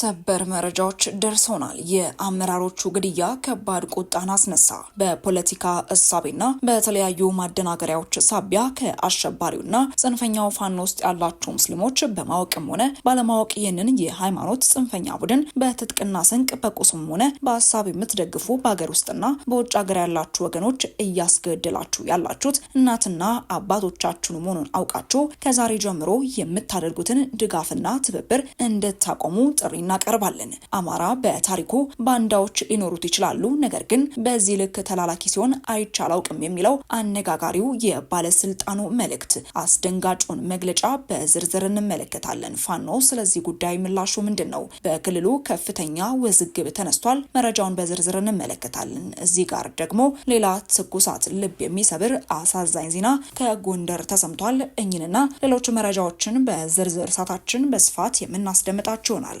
ሰበር መረጃዎች ደርሰውናል። የአመራሮቹ ግድያ ከባድ ቁጣን አስነሳ። በፖለቲካ እሳቤና በተለያዩ ማደናገሪያዎች ሳቢያ ከአሸባሪውና ጽንፈኛው ፋኖ ውስጥ ያላቸው ሙስሊሞች በማወቅም ሆነ ባለማወቅ ይህንን የሃይማኖት ጽንፈኛ ቡድን በትጥቅና ስንቅ በቁስም ሆነ በሀሳብ የምትደግፉ በሀገር ውስጥና በውጭ ሀገር ያላችሁ ወገኖች እያስገደላችሁ ያላችሁት እናትና አባቶቻችሁን መሆኑን አውቃችሁ ከዛሬ ጀምሮ የምታደርጉትን ድጋፍና ትብብር እንድታቆሙ ጥሪና እናቀርባለን። አማራ በታሪኩ ባንዳዎች ሊኖሩት ይችላሉ፣ ነገር ግን በዚህ ልክ ተላላኪ ሲሆን አይቼ አላውቅም የሚለው አነጋጋሪው የባለስልጣኑ መልእክት፣ አስደንጋጩን መግለጫ በዝርዝር እንመለከታለን። ፋኖ ስለዚህ ጉዳይ ምላሹ ምንድን ነው? በክልሉ ከፍተኛ ውዝግብ ተነስቷል። መረጃውን በዝርዝር እንመለከታለን። እዚህ ጋር ደግሞ ሌላ ትኩሳት ልብ የሚሰብር አሳዛኝ ዜና ከጎንደር ተሰምቷል። እኝንና ሌሎች መረጃዎችን በዝርዝር ሳታችን በስፋት የምናስደምጣችሁ ይሆናል።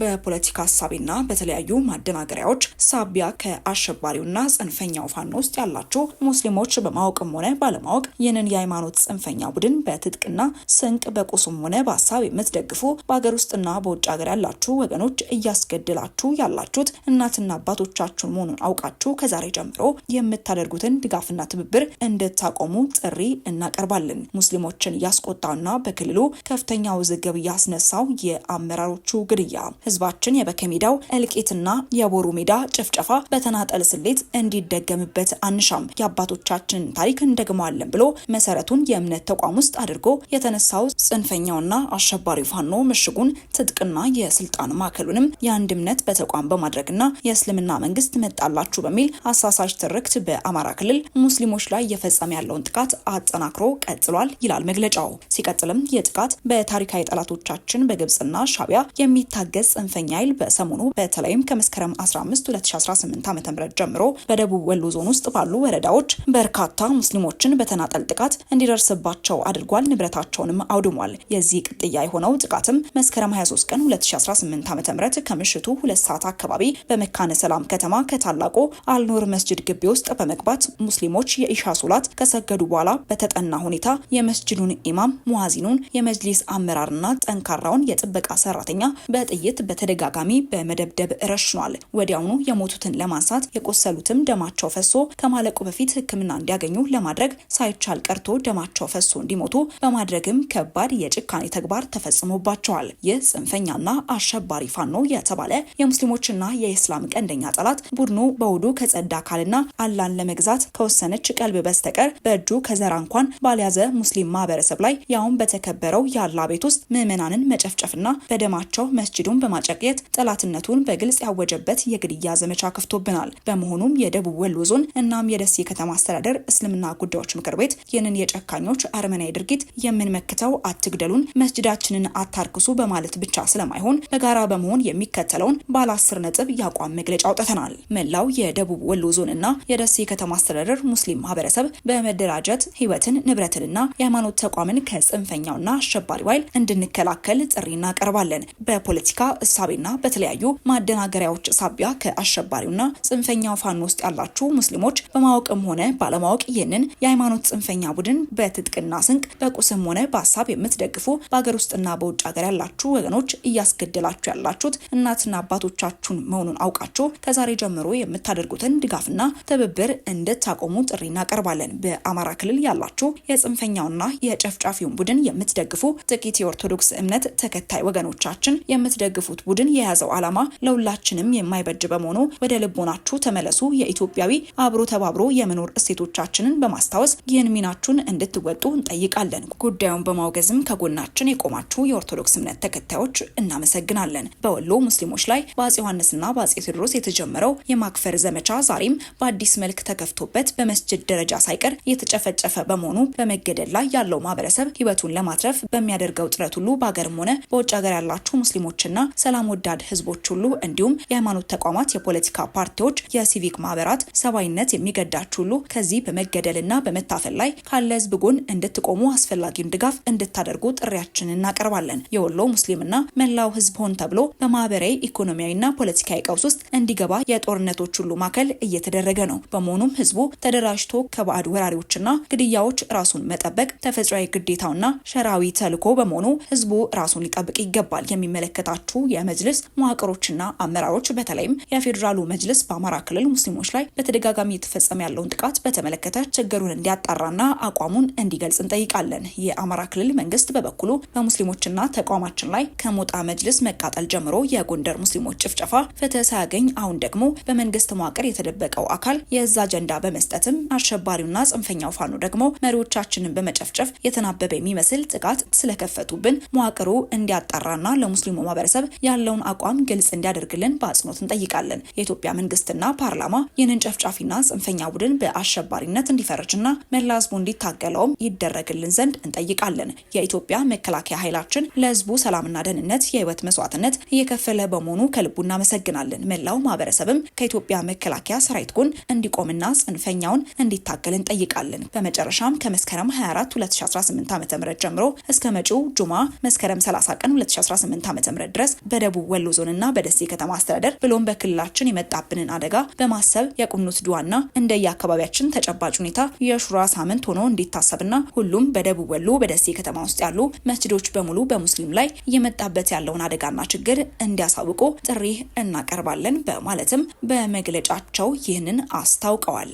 በፖለቲካ ሀሳቢና በተለያዩ ማደናገሪያዎች ሳቢያ ከአሸባሪውና ጽንፈኛው ፋኖ ውስጥ ያላችሁ ሙስሊሞች በማወቅም ሆነ ባለማወቅ ይህንን የሃይማኖት ጽንፈኛ ቡድን በትጥቅና ስንቅ በቁሱም ሆነ በሀሳብ የምትደግፉ በሀገር ውስጥና በውጭ ሀገር ያላችሁ ወገኖች እያስገድላችሁ ያላችሁት እናትና አባቶቻችሁን መሆኑን አውቃችሁ ከዛሬ ጀምሮ የምታደርጉትን ድጋፍና ትብብር እንድታቆሙ ጥሪ እናቀርባለን። ሙስሊሞችን እያስቆጣውና በክልሉ ከፍተኛ ውዝግብ እያስነሳው የአመራሮቹ ግድያ ህዝባችን የበከሜዳው እልቂትና የቦሩ ሜዳ ጭፍጨፋ በተናጠል ስሌት እንዲደገምበት አንሻም፣ የአባቶቻችንን ታሪክ እንደግመዋለን ብሎ መሰረቱን የእምነት ተቋም ውስጥ አድርጎ የተነሳው ጽንፈኛውና አሸባሪ ፋኖ ምሽጉን ትጥቅና የስልጣን ማዕከሉንም የአንድ እምነት በተቋም በማድረግና የእስልምና መንግስት መጣላችሁ በሚል አሳሳች ትርክት በአማራ ክልል ሙስሊሞች ላይ እየፈጸመ ያለውን ጥቃት አጠናክሮ ቀጥሏል ይላል መግለጫው። ሲቀጥልም የጥቃት በታሪካዊ ጠላቶቻችን በግብጽና ሻቢያ የሚታገዝ ጽንፈኛ ኃይል በሰሞኑ በተለይም ከመስከረም 15 2018 ዓ.ም ጀምሮ በደቡብ ወሎ ዞን ውስጥ ባሉ ወረዳዎች በርካታ ሙስሊሞችን በተናጠል ጥቃት እንዲደርስባቸው አድርጓል። ንብረታቸውንም አውድሟል። የዚህ ቅጥያ የሆነው ጥቃትም መስከረም 23 ቀን 2018 ዓ.ም ከምሽቱ ሁለት ሰዓት አካባቢ በመካነ ሰላም ከተማ ከታላቁ አልኑር መስጅድ ግቢ ውስጥ በመግባት ሙስሊሞች የኢሻ ሶላት ከሰገዱ በኋላ በተጠና ሁኔታ የመስጅዱን ኢማም፣ ሙዋዚኑን፣ የመጅሊስ አመራርና ጠንካራውን የጥበቃ ሰራተኛ በጥይት ምልክት በተደጋጋሚ በመደብደብ ረሽኗል። ወዲያውኑ የሞቱትን ለማንሳት የቆሰሉትም ደማቸው ፈሶ ከማለቁ በፊት ሕክምና እንዲያገኙ ለማድረግ ሳይቻል ቀርቶ ደማቸው ፈሶ እንዲሞቱ በማድረግም ከባድ የጭካኔ ተግባር ተፈጽሞባቸዋል። ይህ ጽንፈኛና አሸባሪ ፋኖ የተባለ የሙስሊሞችና የኢስላም ቀንደኛ ጠላት ቡድኑ በውዱ ከጸዳ አካልና አላን ለመግዛት ከወሰነች ቀልብ በስተቀር በእጁ ከዘራ እንኳን ባልያዘ ሙስሊም ማህበረሰብ ላይ ያውም በተከበረው የአላ ቤት ውስጥ ምዕመናንን መጨፍጨፍና በደማቸው መስጅዱን ። በማጨቅየት ጠላትነቱን በግልጽ ያወጀበት የግድያ ዘመቻ ከፍቶብናል። በመሆኑም የደቡብ ወሎ ዞን እናም የደሴ ከተማ አስተዳደር እስልምና ጉዳዮች ምክር ቤት ይህንን የጨካኞች አረመናዊ ድርጊት የምንመክተው አትግደሉን፣ መስጅዳችንን አታርክሱ በማለት ብቻ ስለማይሆን በጋራ በመሆን የሚከተለውን ባለ አስር ነጥብ የአቋም መግለጫ አውጥተናል። መላው የደቡብ ወሎ ዞን እና የደሴ ከተማ አስተዳደር ሙስሊም ማህበረሰብ በመደራጀት ህይወትን ንብረትንና የሃይማኖት ተቋምን ከጽንፈኛውና አሸባሪው ኃይል እንድንከላከል ጥሪ እናቀርባለን። በፖለቲካ እሳቤና በተለያዩ ማደናገሪያዎች ሳቢያ ከአሸባሪውና ጽንፈኛው ፋኖ ውስጥ ያላችሁ ሙስሊሞች በማወቅም ሆነ ባለማወቅ ይህንን የሃይማኖት ጽንፈኛ ቡድን በትጥቅና ስንቅ በቁስም ሆነ በሀሳብ የምትደግፉ በሀገር ውስጥና በውጭ ሀገር ያላችሁ ወገኖች እያስገደላችሁ ያላችሁት እናትና አባቶቻችሁን መሆኑን አውቃችሁ ከዛሬ ጀምሮ የምታደርጉትን ድጋፍና ትብብር እንድታቆሙ ጥሪ እናቀርባለን። በአማራ ክልል ያላችሁ የጽንፈኛውና የጨፍጫፊውን ቡድን የምትደግፉ ጥቂት የኦርቶዶክስ እምነት ተከታይ ወገኖቻችን የምትደግፉ ያሸነፉት ቡድን የያዘው ዓላማ ለሁላችንም የማይበጅ በመሆኑ ወደ ልቦናችሁ ተመለሱ። የኢትዮጵያዊ አብሮ ተባብሮ የመኖር እሴቶቻችንን በማስታወስ ይህን ሚናችሁን እንድትወጡ እንጠይቃለን። ጉዳዩን በማውገዝም ከጎናችን የቆማችሁ የኦርቶዶክስ እምነት ተከታዮች እናመሰግናለን። በወሎ ሙስሊሞች ላይ በአጼ ዮሐንስና በአጼ ቴዎድሮስ የተጀመረው የማክፈር ዘመቻ ዛሬም በአዲስ መልክ ተከፍቶበት በመስጅድ ደረጃ ሳይቀር የተጨፈጨፈ በመሆኑ በመገደል ላይ ያለው ማህበረሰብ ህይወቱን ለማትረፍ በሚያደርገው ጥረት ሁሉ በአገርም ሆነ በውጭ ሀገር ያላችሁ ሙስሊሞችና ሰላም ወዳድ ህዝቦች ሁሉ እንዲሁም የሃይማኖት ተቋማት፣ የፖለቲካ ፓርቲዎች፣ የሲቪክ ማህበራት ሰብአዊነት የሚገዳችሁ ሁሉ ከዚህ በመገደልና በመታፈል ላይ ካለ ህዝብ ጎን እንድትቆሙ አስፈላጊውን ድጋፍ እንድታደርጉ ጥሪያችንን እናቀርባለን። የወሎ ሙስሊምና መላው ህዝብ ሆን ተብሎ በማህበራዊ ኢኮኖሚያዊና ፖለቲካዊ ቀውስ ውስጥ እንዲገባ የጦርነቶች ሁሉ ማዕከል እየተደረገ ነው። በመሆኑም ህዝቡ ተደራጅቶ ከባዕድ ወራሪዎችና ግድያዎች ራሱን መጠበቅ ተፈጥሯዊ ግዴታውና ሸራዊ ተልዕኮ በመሆኑ ህዝቡ ራሱን ሊጠብቅ ይገባል። የሚመለከታችሁ የመጅልስ መዋቅሮችና አመራሮች በተለይም የፌዴራሉ መጅልስ በአማራ ክልል ሙስሊሞች ላይ በተደጋጋሚ የተፈጸመ ያለውን ጥቃት በተመለከተ ችግሩን እንዲያጣራና አቋሙን እንዲገልጽ እንጠይቃለን። የአማራ ክልል መንግስት በበኩሉ በሙስሊሞችና ተቋማችን ላይ ከሞጣ መጅልስ መቃጠል ጀምሮ የጎንደር ሙስሊሞች ጭፍጨፋ ፍትህ ሳያገኝ አሁን ደግሞ በመንግስት መዋቅር የተደበቀው አካል የዛ አጀንዳ በመስጠትም አሸባሪውና ጽንፈኛው ፋኖ ደግሞ መሪዎቻችንን በመጨፍጨፍ የተናበበ የሚመስል ጥቃት ስለከፈቱብን መዋቅሩ እንዲያጣራና ለሙስሊሙ ማህበረሰብ ያለውን አቋም ግልጽ እንዲያደርግልን በአጽንኦት እንጠይቃለን። የኢትዮጵያ መንግስትና ፓርላማ ይህንን ጨፍጫፊና ጽንፈኛ ቡድን በአሸባሪነት እንዲፈረጅና መላ ህዝቡ እንዲታገለውም ይደረግልን ዘንድ እንጠይቃለን። የኢትዮጵያ መከላከያ ኃይላችን ለህዝቡ ሰላምና ደህንነት የህይወት መስዋዕትነት እየከፈለ በመሆኑ ከልቡ እናመሰግናለን። መላው ማህበረሰብም ከኢትዮጵያ መከላከያ ሰራዊት ጎን እንዲቆምና ጽንፈኛውን እንዲታገል እንጠይቃለን። በመጨረሻም ከመስከረም 24 2018 ዓ.ም ጀምሮ እስከ መጪው ጁማ መስከረም 30 ቀን 2018 ዓ.ም ድረስ በደቡብ ወሎ ዞንና በደሴ ከተማ አስተዳደር ብሎም በክልላችን የመጣብንን አደጋ በማሰብ የቁኑት ድዋና እንደየአካባቢያችን ተጨባጭ ሁኔታ የሹራ ሳምንት ሆኖ እንዲታሰብና ሁሉም በደቡብ ወሎ በደሴ ከተማ ውስጥ ያሉ መስጅዶች በሙሉ በሙስሊም ላይ እየመጣበት ያለውን አደጋና ችግር እንዲያሳውቁ ጥሪ እናቀርባለን በማለትም በመግለጫቸው ይህንን አስታውቀዋል።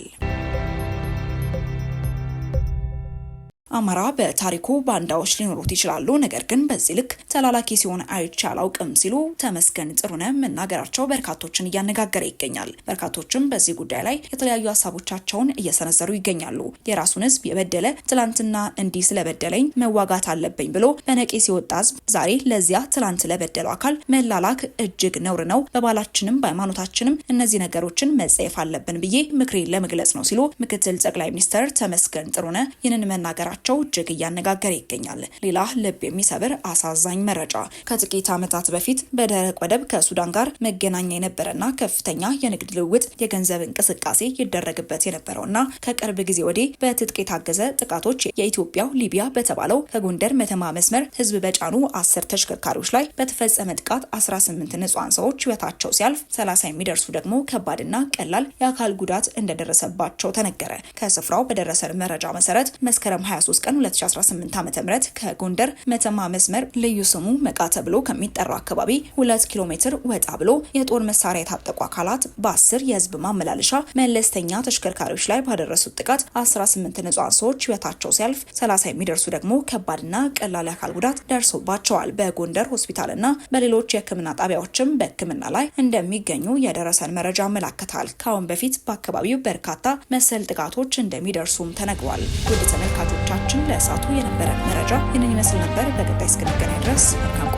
አማራ በታሪኩ ባንዳዎች ሊኖሩት ይችላሉ፣ ነገር ግን በዚህ ልክ ተላላኪ ሲሆን አይቼ አላውቅም ሲሉ ተመስገን ነ መናገራቸው በርካቶችን እያነጋገረ ይገኛል። በርካቶችም በዚህ ጉዳይ ላይ የተለያዩ ሀሳቦቻቸውን እየሰነዘሩ ይገኛሉ። የራሱን ህዝብ የበደለ ትላንትና እንዲህ ስለበደለኝ መዋጋት አለብኝ ብሎ በነቂ ሲወጣ ህዝብ ዛሬ ለዚያ ትላንት ለበደለው አካል መላላክ እጅግ ነውር ነው። በባህላችንም በሃይማኖታችንም እነዚህ ነገሮችን መጸየፍ አለብን ብዬ ምክሬን ለመግለጽ ነው ሲሉ ምክትል ጠቅላይ ሚኒስትር ተመስገን ነ ይህንን መናገራቸው መሆናቸው እጅግ እያነጋገረ ይገኛል። ሌላ ልብ የሚሰብር አሳዛኝ መረጃ ከጥቂት ዓመታት በፊት በደረቅ ወደብ ከሱዳን ጋር መገናኛ የነበረና ከፍተኛ የንግድ ልውውጥ፣ የገንዘብ እንቅስቃሴ ይደረግበት የነበረውና ከቅርብ ጊዜ ወዲህ በትጥቅ የታገዘ ጥቃቶች የኢትዮጵያው ሊቢያ በተባለው ከጎንደር መተማ መስመር ህዝብ በጫኑ አስር ተሽከርካሪዎች ላይ በተፈጸመ ጥቃት 18 ንጹሐን ሰዎች ህይወታቸው ሲያልፍ 30 የሚደርሱ ደግሞ ከባድና ቀላል የአካል ጉዳት እንደደረሰባቸው ተነገረ። ከስፍራው በደረሰ መረጃ መሰረት መስከረም 23 23 ቀን 2018 ዓ.ም ከጎንደር መተማ መስመር ልዩ ስሙ መቃ ተብሎ ከሚጠራው አካባቢ 2 ኪሎ ሜትር ወጣ ብሎ የጦር መሳሪያ የታጠቁ አካላት በ10 የህዝብ ማመላለሻ መለስተኛ ተሽከርካሪዎች ላይ ባደረሱት ጥቃት 18 ንጹሃን ሰዎች ህይወታቸው ሲያልፍ 30 የሚደርሱ ደግሞ ከባድና ቀላል አካል ጉዳት ደርሶባቸዋል። በጎንደር ሆስፒታልና በሌሎች የህክምና ጣቢያዎችም በህክምና ላይ እንደሚገኙ የደረሰን መረጃ ያመላክታል። ከአሁን በፊት በአካባቢው በርካታ መሰል ጥቃቶች እንደሚደርሱም ተነግሯል። ውድ ተመልካቾች ዝግጅታችን ለእሳቱ የነበረ መረጃ ይህንን ይመስል ነበር። በቀጣይ እስክንገናኝ ድረስ መልካም